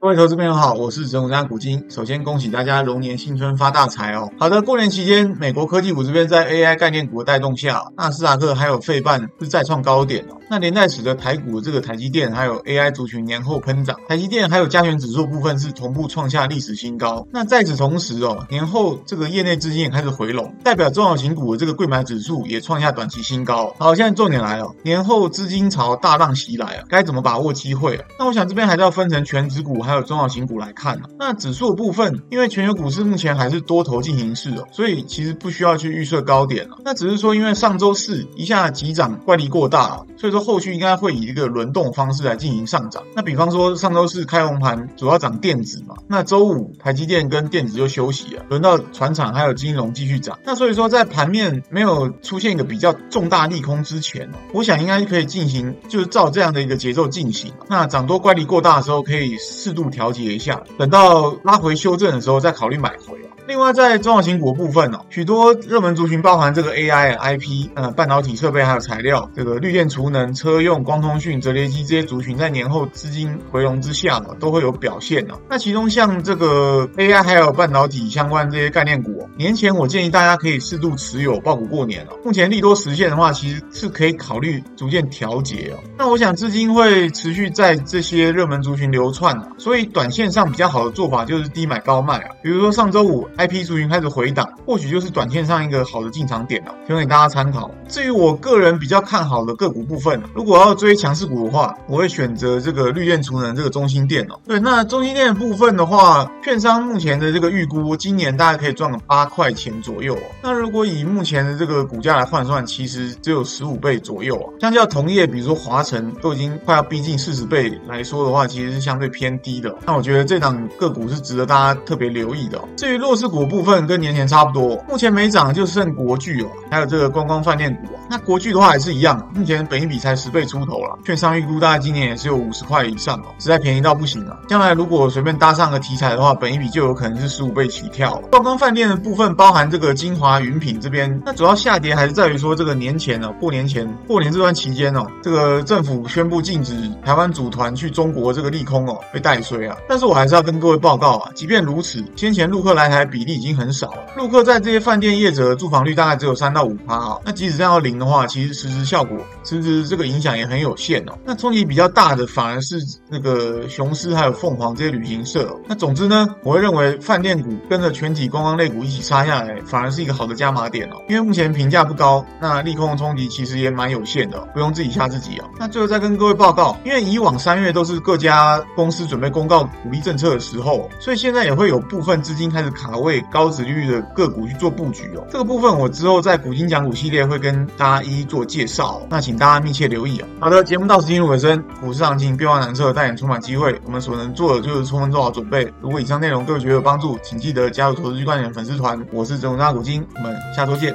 各位投資朋友好，我是植永家股晶。首先恭喜大家龍年新春發大財哦。好的，過年期間，美國科技股這邊在 AI 概念股的帶動下，納斯達克還有費半是再創高點哦。那連帶使得台股，這個台積電還有 AI 族群年後噴漲，台積電還有加權指數部分是同步創下歷史新高。那在此同時哦，年後這個業內資金也開始回籠，代表中小型股的這個櫃買指數也創下短期新高。好，現在重點來了，年後資金潮大浪襲來啊，該怎麼把握機會啊？那我想這邊還是要分成權值股還有中小型股來看啊。那指數部分，因為全球股市目前還是多頭進行式哦，所以其實不需要去預設高點了。那只是說，因為上周四一下急漲乖離過大了，所以說。後續應該會以一個輪動方式來進行上漲。那比方說上周四開紅盤，主要漲電子嘛。那周五台積電跟電子就休息了，輪到傳產還有金融繼續漲。那所以說在盤面沒有出現一個比較重大利空之前，我想應該可以進行，就是照這樣的一個節奏進行。那漲多乖離過大的時候，可以適度調節一下。等到拉回修正的時候，再考慮買回。另外，在中小型股部分哦，許多熱門族群包含這個 AI、呃、IP、呃半導體設備還有材料，這個綠電儲能、車用光通訊、摺疊機這些族群，在年後資金回籠之下哦，都會有表現哦、啊。那其中像這個 AI 還有半導體相關這些概念股哦，年前我建議大家可以適度持有，抱股過年哦、啊。目前利多實現的話，其實是可以考慮逐漸調節哦。那我想資金會持續在這些熱門族群流竄呢、啊，所以短線上比較好的做法就是低買高賣啊，比如說上周五。IP 族群開始回檔，或許就是短線上一個好的進場點了、喔，提供給大家參考。至於我個人比較看好的個股部分、啊，如果要追強勢股的話，我會選擇這個綠電儲能這個中興電哦、喔。對，那中興電的部分的話，券商目前的這個預估，今年大概可以賺個八塊錢左右哦、喔。那如果以目前的這個股價來換算，其實只有十五倍左右啊，相較同業，比如說華城都已經快要逼近四十倍來說的話，其實是相對偏低的、喔。那我覺得這檔個股是值得大家特別留意的、喔。至於弱勢。股部分跟年前差不多，目前沒漲就剩國巨了、哦，還有這個觀光飯店股啊。那國巨的話還是一樣，目前本益比才十倍出頭了，券商預估大概今年也是有五十塊以上哦，實在便宜到不行了、啊。將來如果隨便搭上個題材的話，本益比就有可能是十五倍起跳了。觀光飯店的部分包含這個晶華雲品這邊，那主要下跌還是在於說這個年前哦，過年前過年這段期間哦，這個政府宣布禁止台灣組團去中國，這個利空哦被帶衰啊。但是我還是要跟各位報告啊，即便如此，先前陸客來台。比例已經很少了。陸客在這些飯店業者的住房率大概只有三到五趴啊。那即使這樣要零的話，其實實質效果、實質這個影響也很有限哦。那衝擊比較大的反而是那個雄獅還有鳳凰這些旅行社哦。那總之呢，我會認為飯店股跟着全體觀光類股一起殺下來，反而是一個好的加碼點哦。因為目前評價不高，那利空的衝擊其實也蠻有限的、哦，不用自己嚇自己哦。那最後再跟各位報告，因為以往三月都是各家公司準備公告股利政策的時候，所以現在也會有部分資金開始卡為高殖利率的個股去做布局哦，這個部分我之後在股晶講股系列會跟大家一一做介紹，哦，那請大家密切留意哦。好的，節目到此進入尾聲，股市行情變化難測，但也充滿機會，我們所能做的就是充分做好準備。如果以上內容各位覺得有幫助，請記得加入投資 G 觀點粉絲團。我是周大股晶，我們下周見。